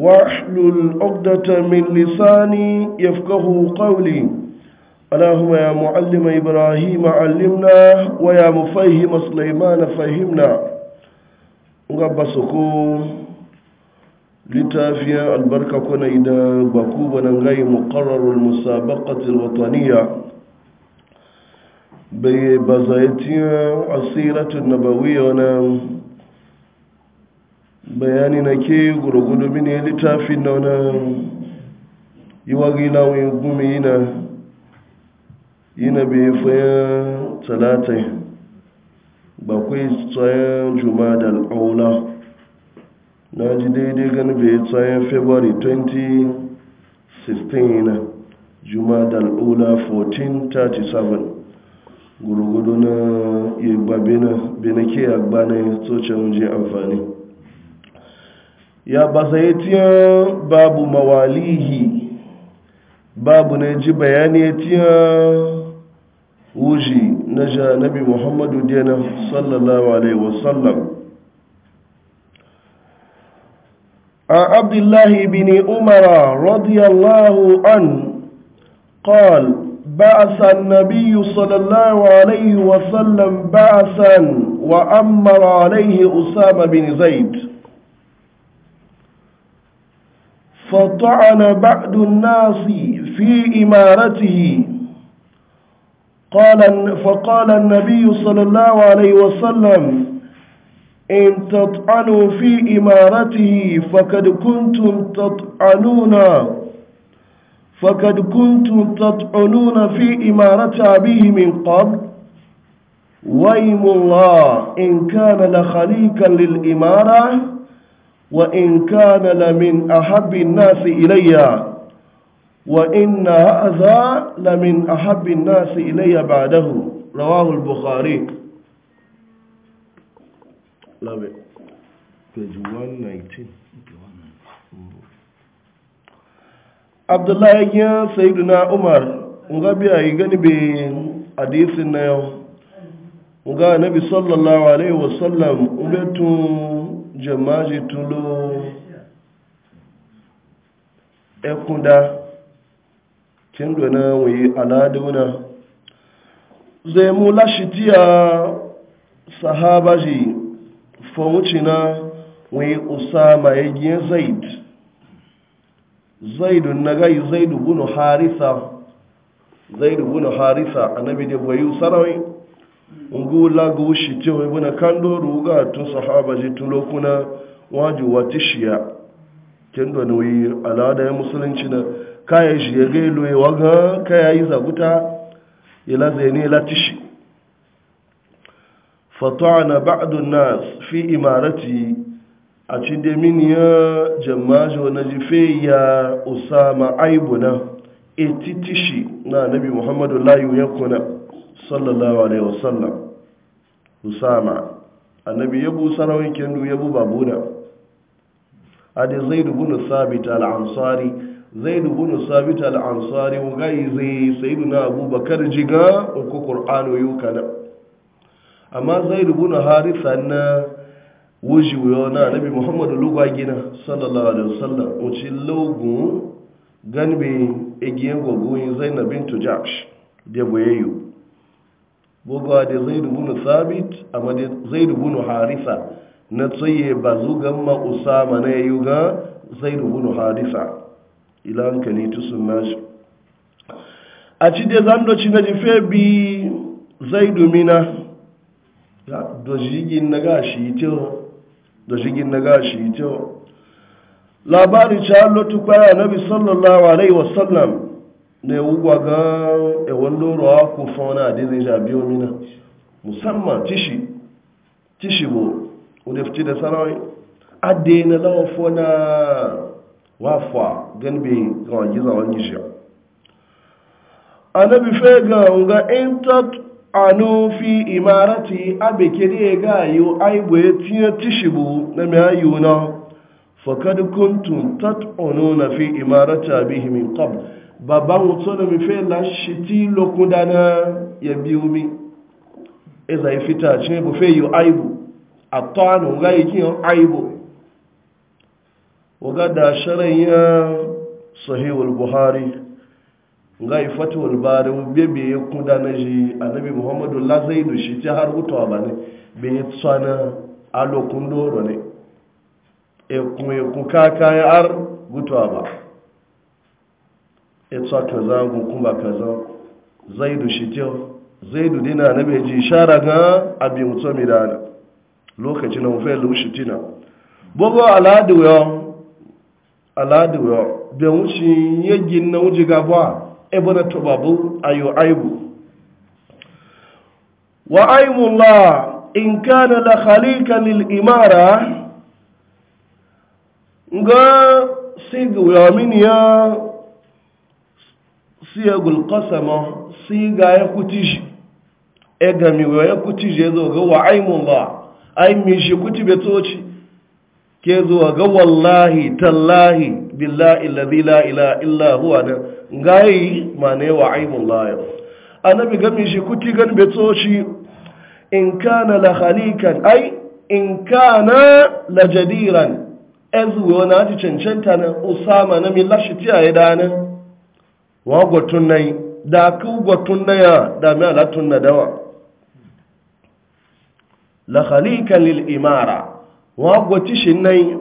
واحلل عقدة من لساني يفقه قولي اللهم يا معلم إبراهيم علمنا ويا مفهم سليمان فهمنا رب لتافيا البركة كنا إذا بكوبا غير مقرر المسابقة الوطنية ببزايتين عصيرة النبوية ونام bayani na ke gurgudu mini littafin na wani iwagi gumi yana yana bai fayan talatai bakwai tsayen jumada al'aula na ji daidai gani bai tsayen february 2016 yana jumada al'aula 1437 gburugburu na igbabina benake agbana tsoce amfani يا بسيتي باب مواليه باب نجي بيانيتي وجي نجا نبي محمد دينا صلى الله عليه وسلم عن عبد الله بن عمر رضي الله عنه قال بعث النبي صلى الله عليه وسلم بعثا وأمر عليه أسامة بن زيد فطعن بعض الناس في إمارته قال فقال النبي صلى الله عليه وسلم إن تطعنوا في إمارته فقد كنتم تطعنون فقد كنتم تطعنون في إمارة أبيه من قبل ويم الله إن كان لخليقا للإمارة وإن كان لمن أحب الناس إلي وإن هذا لمن أحب الناس إلي بعده رواه البخاري لا بي page 119 عبد الله يا سيدنا عمر ngabi ayi gani be hadisin na yau ga nabi sallallahu alaihi wasallam ubetun jamaji tulo ekunda kendo na wi aladuna zai mu lashitiya sahabaji fawucina wi usama yagiye zaid zaid na gai zaidu bunu harisa zaidu bunu harisa annabi da bayu ngu lagu wushi tiwe buna ru ga tun sahaba ji tun lokuna waju watishiya kendo ne wi alada ya musulunci na kaya shi ya gailu ya kaya yi zaguta ya laza ne latishi fata'ana ba'du nas fi imarati a cinde min ya jamajo na jife ya usama aibuna etitishi na nabi muhammadu layu ya kuna sallallahu alaihi wasallam usama annabi yabu sarawin kendu yabu babuna ade zaid ibn sabit al-ansari zaid ibn sabit al-ansari ugai zai sayyidina abubakar jiga ko qur'anu yukana amma zaid ibn haritha na wuji na annabi muhammadu lugwa gina sallallahu alaihi wasallam uci logun ganbe egiyen gogoyin zainab bint jahsh da boyayyo buga da zai bunu sabit amma madi zai bunu harisa na tsaye ba zugan ma na yayi ga zai bunu harisa ila hankali tusun nashi a ci da zan doci na jife bi zai dumina da jigin na gashi ito da jigin na gashi ito labari ta lotu kwaya nabi sallallahu alaihi wasallam na ya wugwa ga ewon lorowa ko fauna da zai ja biyo mina musamman tishi tishi bo wadda fice da sarawai ade na lawa fona wafa ganbe ga wajiza wani a na bife ga intat anu fi imarati abe kere ga yi aibu ya tiye tishi bu na mai ayyuna tat kuntum tat'ununa fi imarati abihi min qabl babban wuto da mafi lashiti lokuda na ya biyu mi iza ifita ce bufe yi aibu a tanu ga yi kiyan aibu waga da sharan ya sahihul buhari ga ifatul bari bebe ya kuda na ji annabi muhammadu lazaidu shi ta har hutawa ba ne bai tsana a lokun doro ne ekun ekun kakayan har hutawa ba ita kaza kuma kaza zaidu shi kyau zaidu dina na mai ji shara ga abin mutum midana lokacin na mafi lushi al'adu bugu al'adu aladuwa bai wuce yagin na wuce gaba ebe na tubabu ayo aibu wa aibullah in kana la khalika lil imara ga sigu ya siyagul qasama siga ya kutiji e wa ya kutiji zo ga wa aimullah ai mi shi kuti be toci ke zo ga wallahi tallahi billahi alladhi la ilaha illa huwa da ngai mane wa aimullah ya annabi gami shi kuti gan be toci in kana la khalikan ai in kana la jadiran ezu wona ji cancanta na usama na milashi tiya ya dana wa gwatun nai da ku gwatun nai da mai latun na dawa la khalika lil imara wa gwati shin nai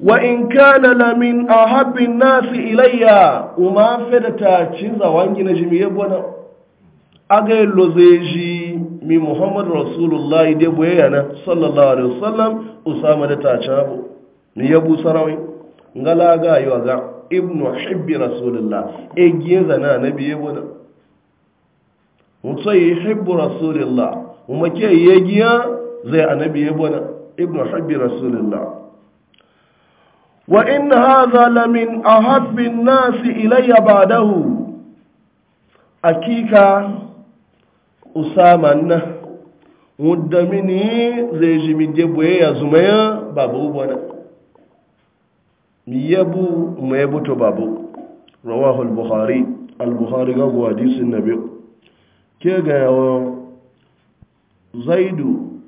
wa in kana la min ahabbi an-nas ilayya uma fadata cinza zawangi na jimi yebona aga lozeji mi muhammad rasulullahi de boyana sallallahu alaihi wasallam usama da ta chabo ni yabu sarawi ngala ga yiwa ga ibnu hibbi rasulullah e giza na nabi yabo da mutsayi hibbu rasulullah kuma ke yagiya zai annabi yabo da ibnu hibbi Rasulillah. wa in hadha la min ahabbi an-nas ilayya ba'dahu akika usama na mudda mini zai jimi deboye ya zumaya babu bana yabu mai buto babu rawahu al-bukhari al-bukhari ga go hadisin nabi ke ga zaidu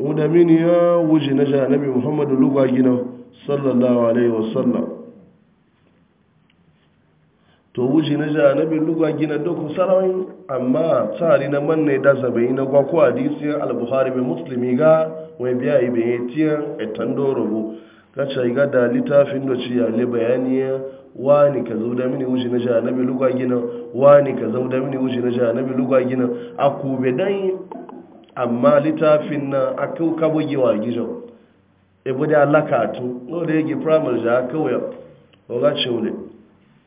udamin ya wuji na janabi muhammadu lugwa gina sallallahu alaihi wasallam to wuji na janabi lugwa gina doku sarawin amma tsari na manne da zabe na gwa ko hadisin al-bukhari bi muslimi ga wai biya ibe tiyan etando rubu kacha ga da littafin da ci yale bayaniya wani ka zo da mini wuce na ja bi lugwa gina wani ka zo da mini wuce na ja nabi lugwa gina a kube dan amma littafin na a kau ka bugewa gijan ebo da to no da yake primary ja kawai o ga chole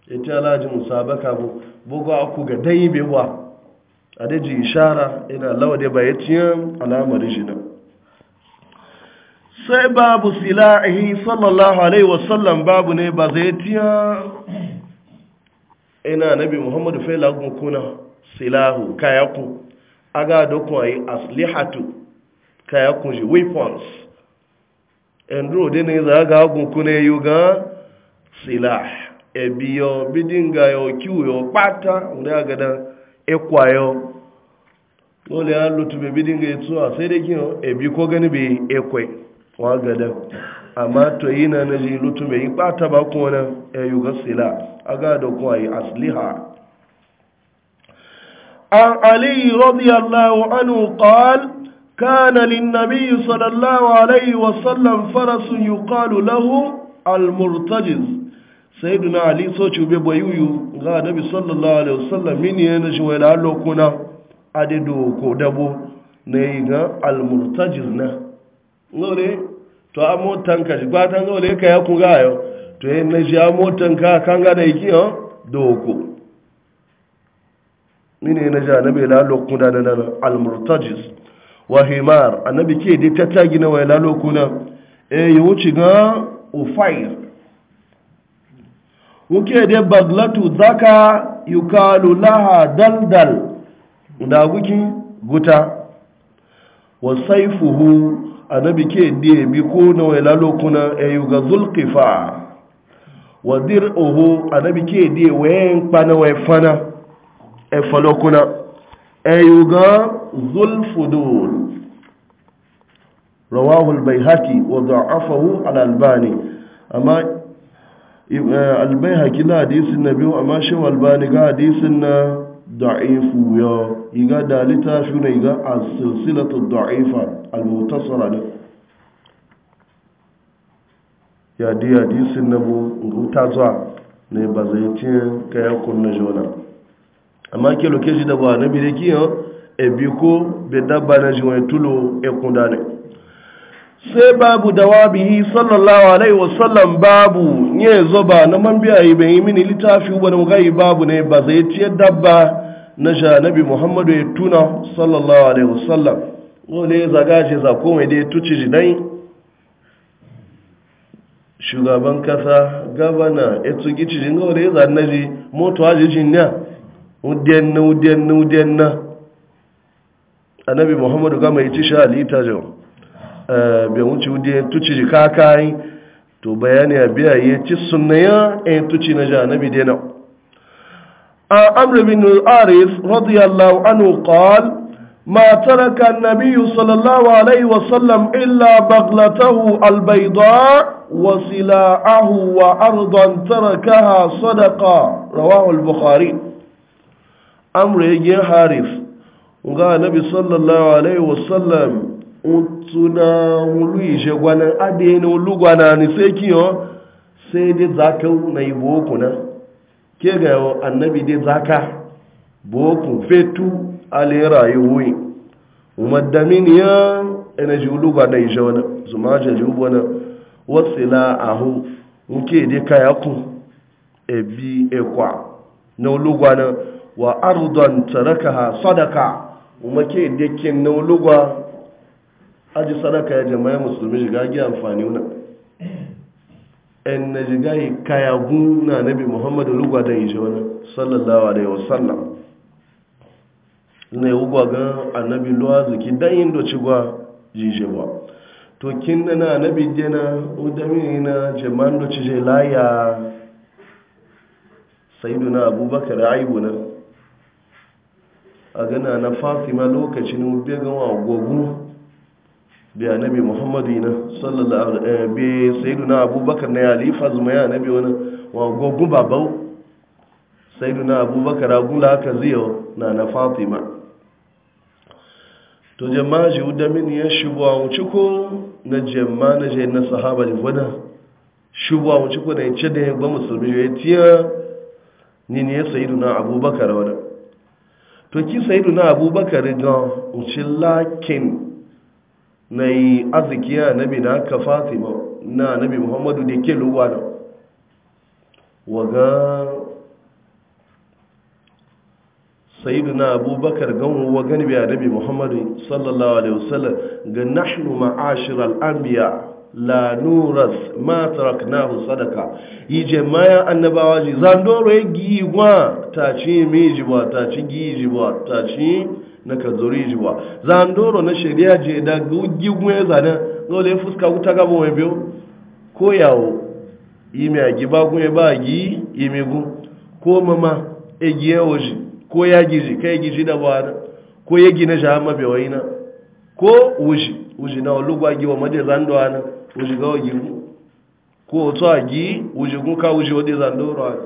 ita e alaji musabaka bu bugu aku ga dai bewa a da ishara ina lawa da bayatiyan alamar jinan sai babu sila'ihi sallallahu alaihi wasallam babu ne ba zai tiya ina nabi muhammadu fai lagun kuna silahu kayaku aga dokun ayi aslihatu kayakun ji weapons enduro dini za ga agunkuna kuna yi ga silah ebiyo bidinga yo kiwo pata wanda ga ekwayo lole ya lutube be bidinga yi sai dai kiyo ebi ko gani be ekwe wa gada amma to yi na na lutu mai bata ba kuma na ya yi gasila a gada kuma yi asliha an aliyu radiyallahu anu qal kana linnabi sallallahu alaihi wa sallam farasun yuqalu lahu almurtajiz sayyiduna ali so ci be boyuyu ga nabi sallallahu alaihi wa sallam min ya na shi kuna adedo ko dabo ne ga al almurtajiz na ngore to a motan ka shi gwatan ngore ka ya kuga yo to yin na shi a motan ka kan ga da yake yo doko mine na ja nabi la lokuna da nan al murtajis wa himar annabi ke dai ta tagi na wai la lokuna e eh, ya wuce ga ufair wuke dai baglatu zaka yukalu laha daldal da guki guta wa saifuhu annabi ke diye mi ko na waila lokuna e yuga zulqifa wa dir'uhu annabi ke diye wen pana wa fana e falokuna e yuga zulfudul rawahu al-baihaqi wa da'afahu al-albani amma al-baihaqi la hadisin nabi amma shi albani ga hadisin na ضعيف ya iga da littafi na السلسلة a silsilatu da'ifa دي mutasara ne ya di hadisin na bu ruta zuwa ne ba zai cin kayan kunna jona amma ke lokaci da na e ko bai na jiwon tulo ekun da ne sai babu dawabihi sallallahu alaihi wasallam babu ne ba, na man biya yi bai yi mini littafi wani mugayi babu ne ba zai ciyar dabba na janabi muhammadu ya tuna sallallahu alaihi wasallam zaga shi za da ya tuci jinai shugaban kasa gabana tuki gici jin gawa da ya zane ji moto haji jin ya udiyan na udiyan na udiyan na nabi muhammadu gama ya ci sha alita jau eh, bai wuce udiyan tuci ji kakayi to bayani a biya ya ci sunna ya tuci na ji annabi dai عمرو بن الحارث رضي الله عنه قال ما ترك النبي صلى الله عليه وسلم إلا بغلته البيضاء وسلاعه وأرضا تركها صدقة رواه البخاري أمر بن حارث قال النبي صلى الله عليه وسلم utuna wuluije gwanan adeni wulu gwanani sai kiyo sai dai zakau na ibo kuna ke ga yawon annabi dai zaka boku fetu ale rayuwi umaddamin ya ina ji uluba na ishe wani zuma ji ji wani wasu na ahu nke dai kaya ku ebi ekwa na uluba na wa ardon taraka ha sadaka umake dakin na uluba aji sadaka ya jama'a musulmi shiga gi amfani wani en na jigayi na nabi muhammadu lugwa da ije wani sallallahu alaihi wasallam na yi ugwa annabi luwa zuki dan yin doci gwa jije ba to kin na na annabi na udami na jaman doci je laya sayiduna abubakar aibu na a gana na fatima lokacin wa agogun bi annabi muhammadu na sallallahu alaihi bi sayyiduna abubakar na yalifa zuma ya annabi wani wa gogun babau sayyiduna abubakar agula haka ziyo na na fatima to jama'a ji da min ya shubu a wuce ko na jama'a na je na sahaba da wada shubu a wuce ko na yace da ba musulmi ya tiya ni ne sayyiduna abubakar wada to ki sayyiduna abubakar ga ucin lakin na yi arzikiya nabi na kafa na nabi muhammadu da ke luwa na waga sayidu na abubakar ganwa wagan biya nabi muhammadu sallallahu alaihi wasallam ga nashinu ma'ashir al'ambiya la nuras ma taraknahu sadaka ije maya annabawa ji zandoro ya giwa ta ci mejiwa ta ci giji ba ta ci na ka zori jiwa zandoro na shari'a je da ya zane zana dole fuska wuta gaba mai biyo ko yawo imi a giba gwe ba yi mai gu ko mama egi ya oji ko ya giji kai giji da ba ko ya gina shi hama bai waina ko uji uji na olugwa agi wa made zando ana uji ga ogi ko to agi uji gun ka uji wode zandoro ana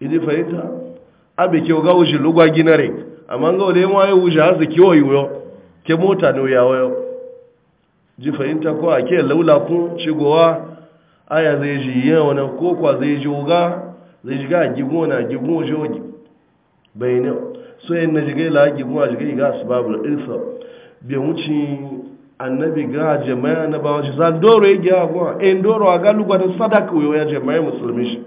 idi fahimta abe ke ga uji lugwa ginare amma ga wale ma ya wuce har kiwo yiwu ke mota ne ya wayo ji fahimta ko a ke laula kun shigowa aya zai ji yi wani ko kwa zai ji oga zai shiga a gigun na gigun shogi bai ne so yin na shiga la gigun a jigai ga su babu irsa bai wuce annabi ga jama'a na bawa shi za doro ya gyawa gwa in doro a galuwa da sadaka wuyo ya jama'a musulmi shi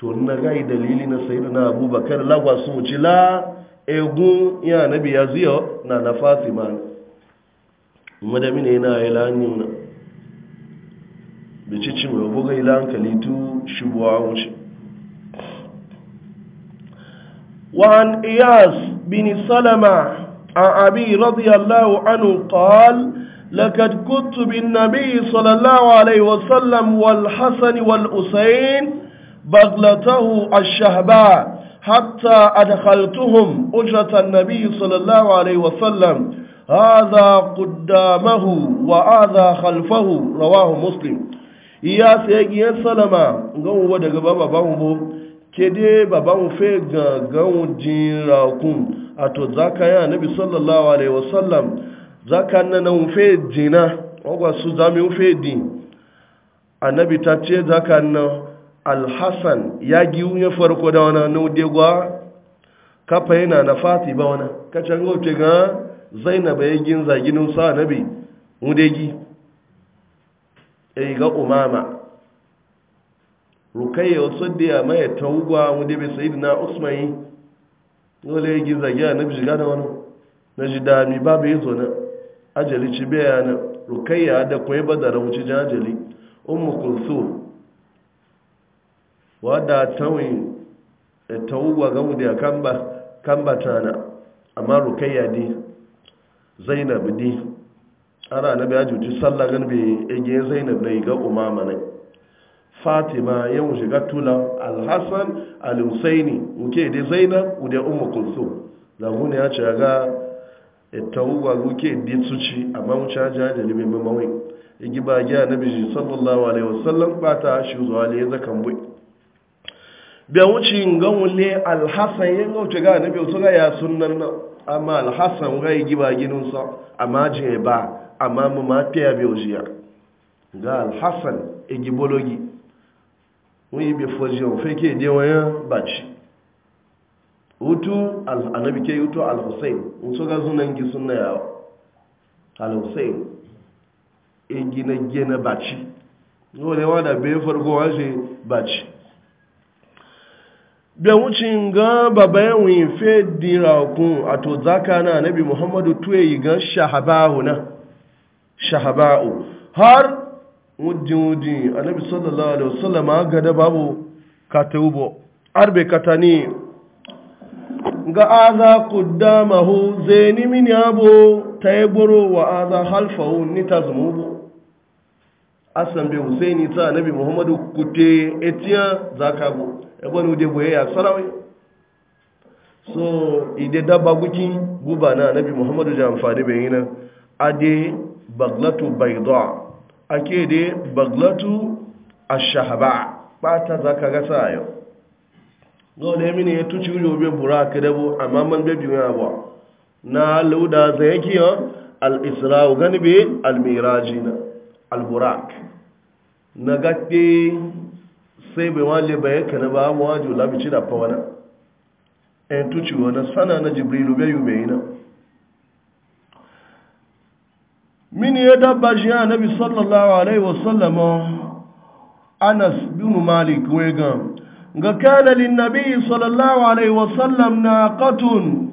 to na gai dalili na sayidu na abubakar lagwa sun ci la egun ya nabi ya ziyo na na fatima madami ne yana yi lanyu na da cici mai buga ila hankali tu shubuwa wuce وعن إياس بن سلمة عن أبي رضي الله عنه قال لقد كنت بالنبي صلى الله عليه وسلم والحسن والأسين بغلته الشهباء حتى أدخلتهم أجرة النبي صلى الله عليه وسلم هذا قدامه وهذا خلفه رواه مسلم iya sai giyar salama ganwa daga baban mu ke dai baban fe ga jin jirakun a to zaka ya nabi sallallahu alaihi wasallam zaka na nan fe jina ogwa su zami fe din annabi ta ce zaka nan alhassan ya giyu ya farko da wani naudegwa kafa yana na fati ba wani kacan gauce ga zainaba ya gin zaginin sa nabi mudegi ga umama rukai ya wasu da ya mai taugwa mudebi sa'id na usmani dole ya gin zagi a nabi shiga da wani na ji dami babu ya zo na ajali ci biya rukai ya da kwaye ba da rauci jan ajali ummu kulsum wadda tawin e, tawuwa gamu da kamba kamba tana amma rukayya di zainab di ara na biya juji sallah gan bi ege zainab na ga umama ne fatima ya wuce shiga tula alhassan alhusaini uke dai zainab uda ummu kulsum da gune ya ce ga e, tawuwa uke di tsuci amma mu ca da ne mai mawai igi e, ba ga nabi sallallahu alaihi wasallam ba ta shi zuwa ne zakan bai bai wuce ga wule alhassan yin gauce ga na bautu ga ya sunan nan amma alhassan ga yi giba sa amma je ba amma mu ma e fiya baujiya ga alhassan igibologi gibologi yí yi fọ́jíọ̀n fẹ́ kí èdè wọ́n baci bàci hutu al'anabike hutu al-hussein n so ga sunan gi sunna yawa al-hussein igi na gina bàci wọ́n lè wọ́n da bai farko wọ́n ṣe baci. bai wucin ga babayen winfe dirakun a to zaka na nabi muhammadu tuwe yi gan shahaba'u na shahaba'u har wujin-wujin a nabi sallallahu alaihi wasallama gada babu katubo arbe katani ga aza kuddamahu zai nimi ni abu ta yi buru wa aza halfahu ni ta zumubu asan bai husaini ta nabi muhammadu kute etiya za ebe ni ude boye ya sarawai so ide daba guki guba na nabi muhammadu ja amfani bai yi nan ade baglatu baidwa ake de baglatu ashahaba bata zaka gasa yau gole mini ya tuci wujo bai bura A dabo amma man bai biyu abuwa na lauda zai yake yau al-isra'u gani bai al-miraji na alburak na gaɗe sai bai wale bayan ka na ba wajo labici da fawana ɗan tuci wani sana na jibrilu bai yi bai na mini ya dabba shi ya nabi sallallahu alaihi wasallama anas bin malik wegan ga kana lin nabi sallallahu alaihi wasallam na katun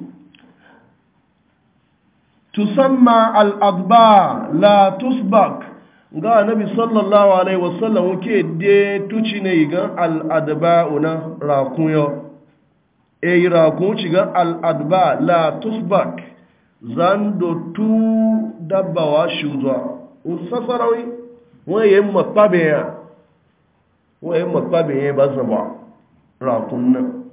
تسمى الأضباء la tusbak. ga annabi sallallahu alaihi wasallam ke de tuci ne ga al'adba una rakun yo e rakun ci ga al'adba la tusbak zando tu dabbawa shuzwa usasarawi waye makpabe ya yi makpabe ya ba zaba rakun nan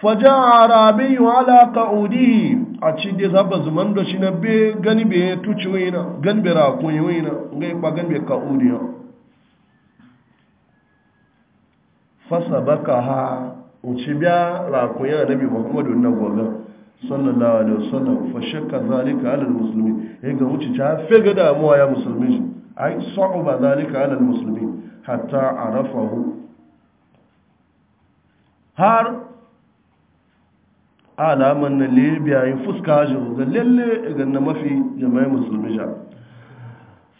faja arabi ala qa'udihi a ci dai zaba zuman do shi na be gani be tuci wina gani be ra ko wina ngai ba gani be qa'udiya fasabaka ha uci biya ra ko ya nabi muhammadu na goga sallallahu alaihi wasallam fa shakka zalika ala almuslimin ga wuce ta fega da muwa ya musulmi ai sa'uba zalika ala almuslimin hatta arafahu har alaman na libya fuska jin da lalle ga na mafi jama'in musulmi ja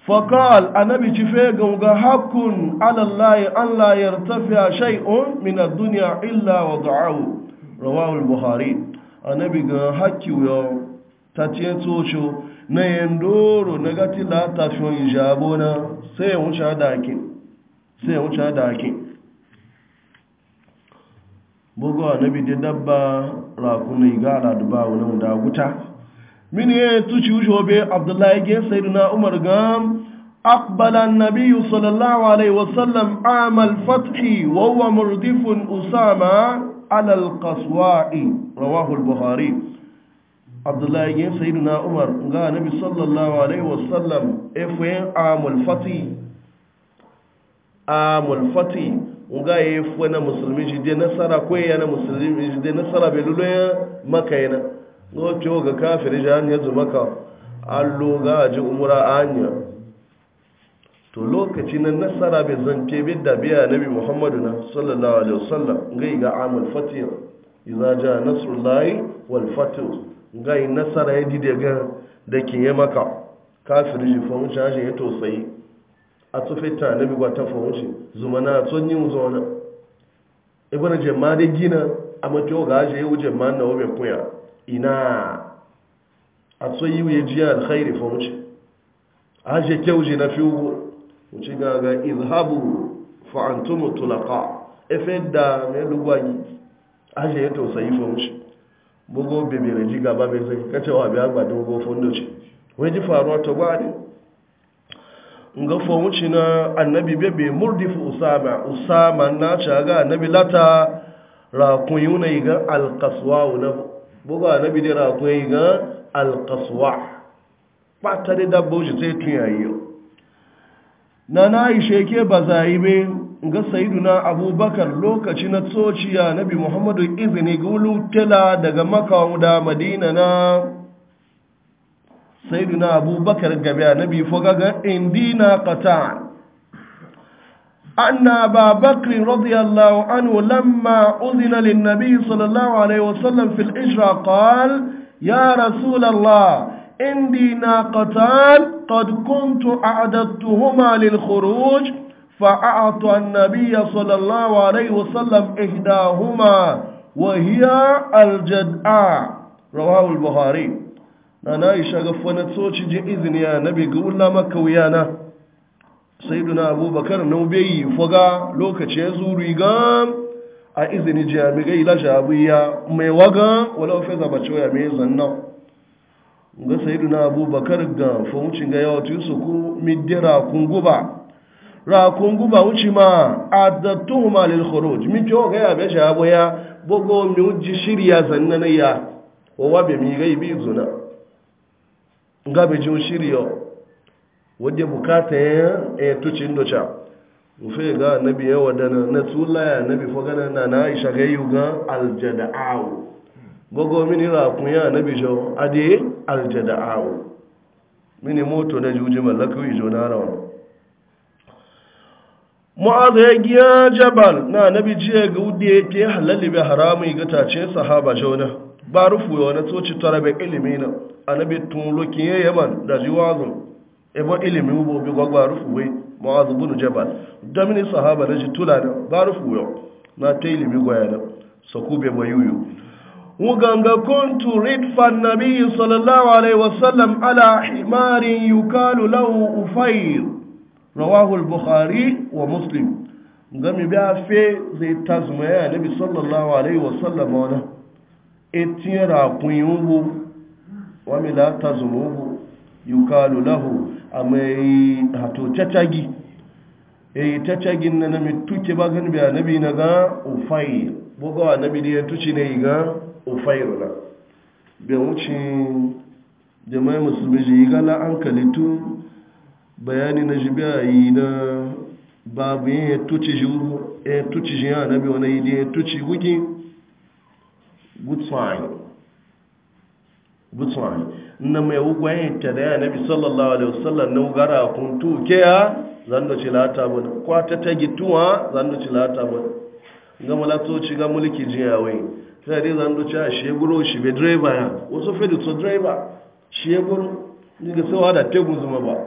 faƙal anabi ci fe ga hakun alallahi an la tafiya shay'un min ad illa wa da'ahu rawahu al-bukhari ga hakki yo ta ce tsocho na yandoro na gati la ta na sai ya wuce da hakin bugu nabi de dabba rakunai ga aladuba wani da guta min ye tuci ujo be abdullah ge sayyidina umar ga أقبل النبي صلى الله عليه وسلم عام الفتح وهو مردف أسامة على القصواء رواه البخاري عبد الله يين سيدنا عمر قال النبي صلى الله عليه وسلم إفوين عام الفتح عام الفتح nga ya fuwa na musulmi shi dai nasara ko ya na musulmi shi dai nasara bai lulu ya maka yana nga wace ga kafiri shi an zuma ka allo ga a ji umura a hanya to lokaci na nasara bai zance bi da biya nabi muhammadu na sallallahu alaihi wasallam nga yi ga amul fatih iza ja nasrullahi wal fatih nga nasara ya dide ga da ke maka Kafin shi fa wuce shi ya tausayi a tsufeta na bigwa ta fahimci zuma na tson yin zona ibn e jemma da gina a matiyo ga ajiye yi jemma na wabe kuya ina a tson yi wuye jiya alkhairi fahimci ajiye kyauji na fi ugu wuce ga ga izhabu fa'antumu tulaka efe da mai lugwagi ajiye ya tausayi fahimci bugo bebe na ji gaba mai zai kacewa biya gbadin gofon doce wani ji faruwa ta gwani nga fahimci na annabi bebe murdifu usama usama na caga annabi lata rakun yuna yi ga alkaswa na buga annabi dai rakun yi ga alkaswa da dabboji sai tun yayi na na yi sheke ba be ga abubakar lokaci na tsociya nabi muhammadu izini ga wulutela daga makawu da madina na سيدنا أبو بكر قبيا نبي فقق اندينا قطاع أن أبا بكر رضي الله عنه لما أذن للنبي صلى الله عليه وسلم في الإجرى قال يا رسول الله عندي ناقتان قد كنت أعددتهما للخروج فأعطى النبي صلى الله عليه وسلم إهداهما وهي الجدع رواه البخاري ana na isha ga fana tsoci jin izini ya nabi ga wula maka wuya na sai duna abubakar na ubeyi foga lokaci ya zuri ga a izini jami ga ila shabiya mai waga wala ofe zaba cewa mai zanna ga sai duna abubakar ga famucin ga yawa tuyu su ku midira guba ra guba wuce ma adatuhuma lil khuruj min jo ga ya be shabiya bogo mi uji shirya zanna ya wa wabe mi ga ibi zuna ngabe jin shiryo wadda bukata ya ya e, tuci indocha rufe ga nabi ya wadana na tulaya annabi fogana na na aisha ga yi ga aljada'awu gogo mini ra kun ya nabi jo ade aljada'awu mini moto na juji mallaku ijo na rawa mu'adh ya giya jabal na nabi jiya ga ya ke halalli bi harami ga tace sahaba jona ba rufu ya wani tsoci tara bai ilimi na anabi tun lokin ya yaman da ji wazin ebo ilimi ubo bi gwagwa rufu wai ma'azu bunu jabal domini sahaba na ji tula da ba rufu ya na ta ilimi gwaya da saku bai mai yuyu wuganga kuntu ridfan nabi sallallahu alaihi wasallam ala himarin yukalu lahu ufair rawahu al-bukhari wa muslim gami bi afe zai tazmaya nabi sallallahu alaihi wasallam wa etinye rakunyi ugwu wamila ta zuma ugwu yukalu lahu a mai hato cacagi eyi cacagin na na mituke ba kan biya anabi na ga ufai bugawa anabi da ya tuci ne ga ufai rana biya wucin jama'i musulmi ji na an kalitu bayani na ji biya yi na babu yin ya tuci ji ugwu ya tuci ji ya wani yi da ya tuci sign na mai wugwayen ta da yana bi sallallahu alaihi wasallam na wugara kun tuke ya zan da ci lata bane kwata ta gituwa zan da ci lata bane ga mulatoci ga mulki jiya wai sai dai zan ci a sheguro shi be driver ya wasu fedi to driver sheguro ni ga sawa da tegun zuma ba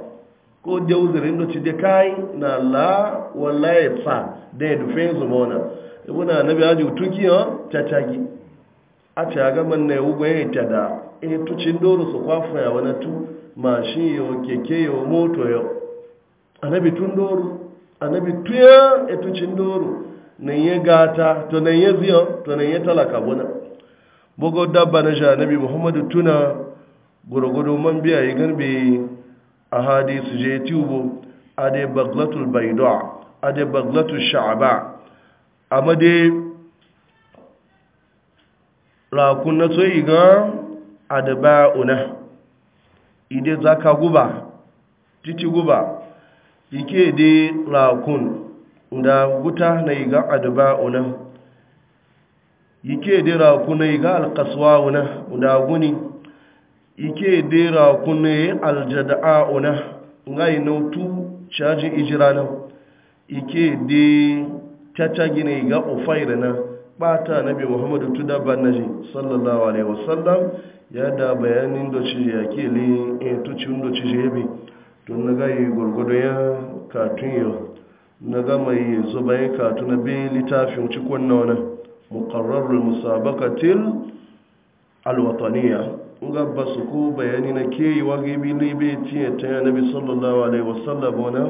ko da uzurin da ci da kai na la wallahi fa da ya dufe zuma wana. ibuna nabi aji tuki ha ta tagi a ci aga man na yau gwaye ta da e cin doro su kwafa ya wani tu mashin yau keke yau moto yau anabi tun doro anabi tuya e cin doro na ya gata to na ya ziyo, to na ya talaka buna bugo dabba na shi anabi muhammadu tuna gurgudu man biya yi garbe a hadi su je tubo a dai baglatul baidoa a dai baglatul sha'aba a madai rakun na tsoyi gan adaba una ide zaka guba titi guba ike de rakun da guta na iga adaba una ike de rakun na iga alkaswa una da guni ike de rakun na aljada'a una ngai nautu caji ijirana ike de caca gina iga ofaira na bata nabi muhammadu tuda banaji sallallahu alaihi wasallam ya da bayanin da ci ya ke li in e, tucin da ci bi tun na gayi gwargwado ya katun yau na gama mai yanzu bayan katun na bi littafin cikon na wani mukarrarul musabakatil alwataniya ga ba su ko bayani na ke yi wa gibi libe tiye ta yanabi sallallahu alaihi wasallam wani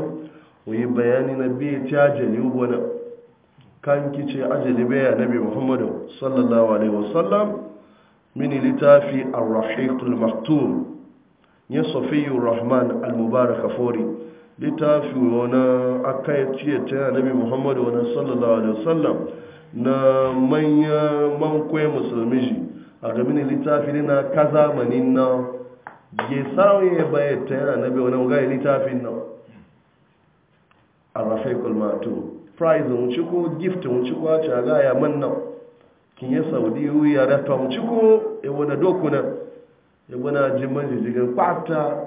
wani bayani na bi ta jali wani kan kice ajali bai nabi muhammadu sallallahu alaihi wasallam mini littafi ar-rahiqul maktum ya sofiyu rahman al Mubaraka fori littafi wani aka yi ciye ta nabi muhammadu wani sallallahu alaihi wasallam na manya mankwai musulmi ji a ga mini littafi ne na ka zamanin na ya samun ya bayar ta nabi wani ga littafin na ar-rahiqul maktum prize wuce ko gift wuce ko ta ga ya manna kin ya saudi ya da ta wuce ko e wona dokuna e wona jimman jiga pata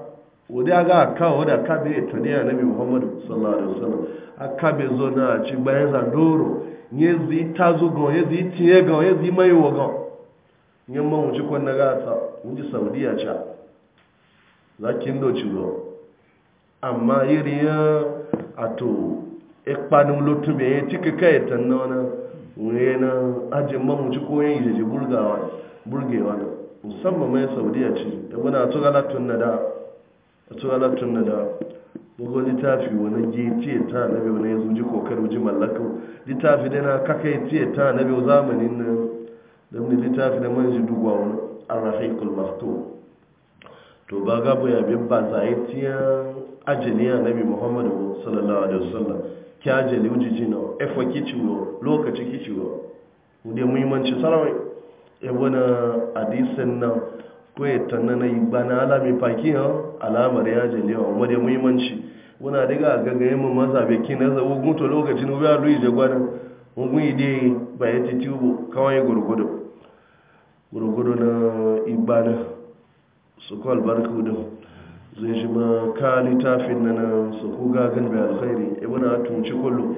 wodi aga aka woda kabe to ne annabi muhammadu sallallahu alaihi wasallam akabe zona ci bayan za doro nyezi tazo go yezi tiye nye yezi mai wo go nyamma wuce ko na ga ta wuce saudiya cha lakin do ci go amma iri ya ato ikpanin lotun bai yi cika kai tanna wani wuri na ajin mamuci ko yin ijeji burgewa na musamman mai saudiya ce da wani a turalatun na da a turalatun na da bugu littafi wani gece ta na wani na zuji ji kokarin ji mallakau littafi dana na kakai ce ta na biyu zamanin na don littafi da manji dugwa wani arahikul mafto to ba gabu ya bi ba zai tiyan ajiniya nabi muhammadu sallallahu alaihi wasallam kyaje ne ujiji na efo kici wo lokaci kici wo da muhimmanci salamai ya wani hadisin nan ko ya tanna igba na alami faki ha alamar ya je lewa amma da muhimmanci wani daga gaga mu maza bai kina za ogun to lokacin obi a luyi jagwanin ogun ide ba titi ubu kawai gurgudu gurgudu na igba na su kwalbar kudu zai shi ma ka littafin na nan su kuga gan bai alkhairi ibn eh, atun tunci kullum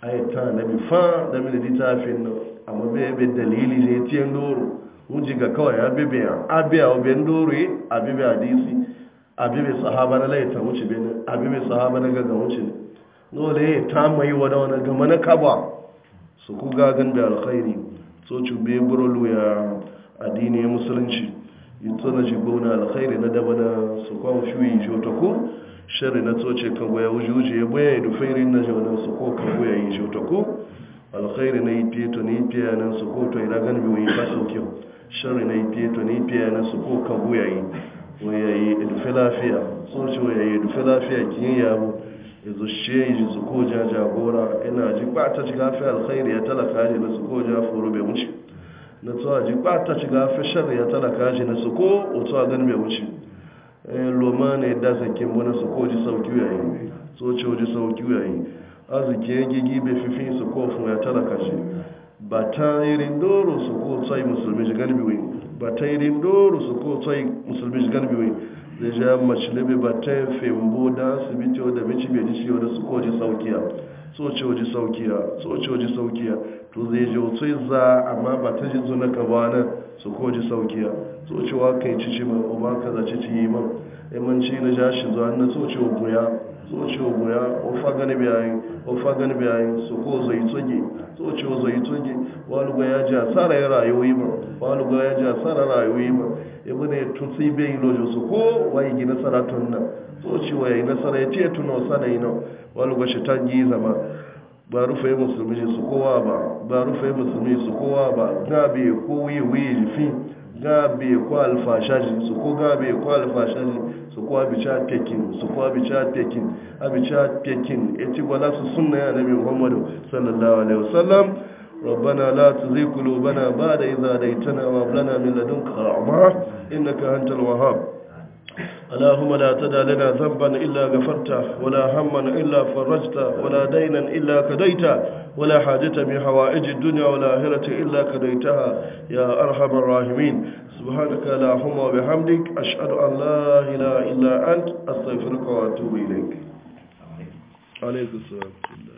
ayyata na bi fa da mini littafin nan amma bai bai dalili zai tiyan doro wuji ga kawai ya biya a biya eh, a biyan doro a biya disi a bibe sahaba na laita wuce bin a bibe sahaba na gaga wuce ne dole ta mai wada wani gama na kaba su kuga gan bai alkhairi so cube burulu ya addini ya musulunci yito na jibona alkhairi na daba na su kwa shuyi jota ko shari na tsoce kan goya wuji wuji ya boya idu fairin na jawana su ko kan goya yin jota ko alkhairi na yi fiye to ni fiye nan su ko to ina gani biyu yi fasin kyau shari na yi fiye to ni fiye nan su ko kan goya yi waya yi idufe lafiya tsoce waya yi idufe lafiya kiyin yabo yanzu shi yi su ko ja jagora ina ji ba ta ji lafiya alkhairi ya talaka ne na su ko ja foro bai wuce na tsawa ji ba ta shiga fashar ya talaka kashi na suko ko tsawa a mai wuce eh, loma ne da zakin wani suko ji sauki yayi so ce ji sauki yayi arziki ya gigi bai fifin su ko fun ya talaka kashi ba ta irin doro suko ko tsayi musulmi ji ganin biwi ba ta yi doro suko ko tsayi musulmi ji ganin biwi zai ja mace labe ba ta fembo da asibiti da bici bai ji shi da su ko ji saukiya so ce ji saukiya ya. ji saukiya to zai je wasu za, amma ba ta ji zo na kaba nan su ko ji saukiya so cewa ka yi cici ma ko ba ka za ci ya ma ci na ja shi zuwa na so cewa guya so cewa guya o fa gani biyayi o fa gani biyayi su ko zai tsoge so cewa zai tsoge wani ga ya ji asara ya rayuwa ma wani ga ya ji asara rayuwa ma ibu ne tutsi bai lojo su ko gi nasara saratun nan so cewa ya yi nasara ya ce tuna wasa na yi nan wani ga shi ta gi zama ba rufe musulmi su kowa ba ba rufe musulmi su kowa ba gabe ko wiwi jifi gabe ko alfashaji su ko gabe ko alfashaji su ko abicha tekin su ko abicha tekin abicha tekin eti wala su sunna ya nabi muhammadu sallallahu alaihi wasallam ربنا لا تزغ قلوبنا بعد إذ هديتنا وهب لنا من لدنك رحمة إنك أنت الوهاب اللهم لا تدع لنا ذنبا إلا غفرته ولا هما إلا فرجته ولا دينا إلا كديته ولا حاجة من حوائج الدنيا والآخرة إلا كديتها يا أرحم الراحمين سبحانك اللهم وبحمدك أشهد أن لا إله إلا أنت أستغفرك وأتوب إليك عليك السلام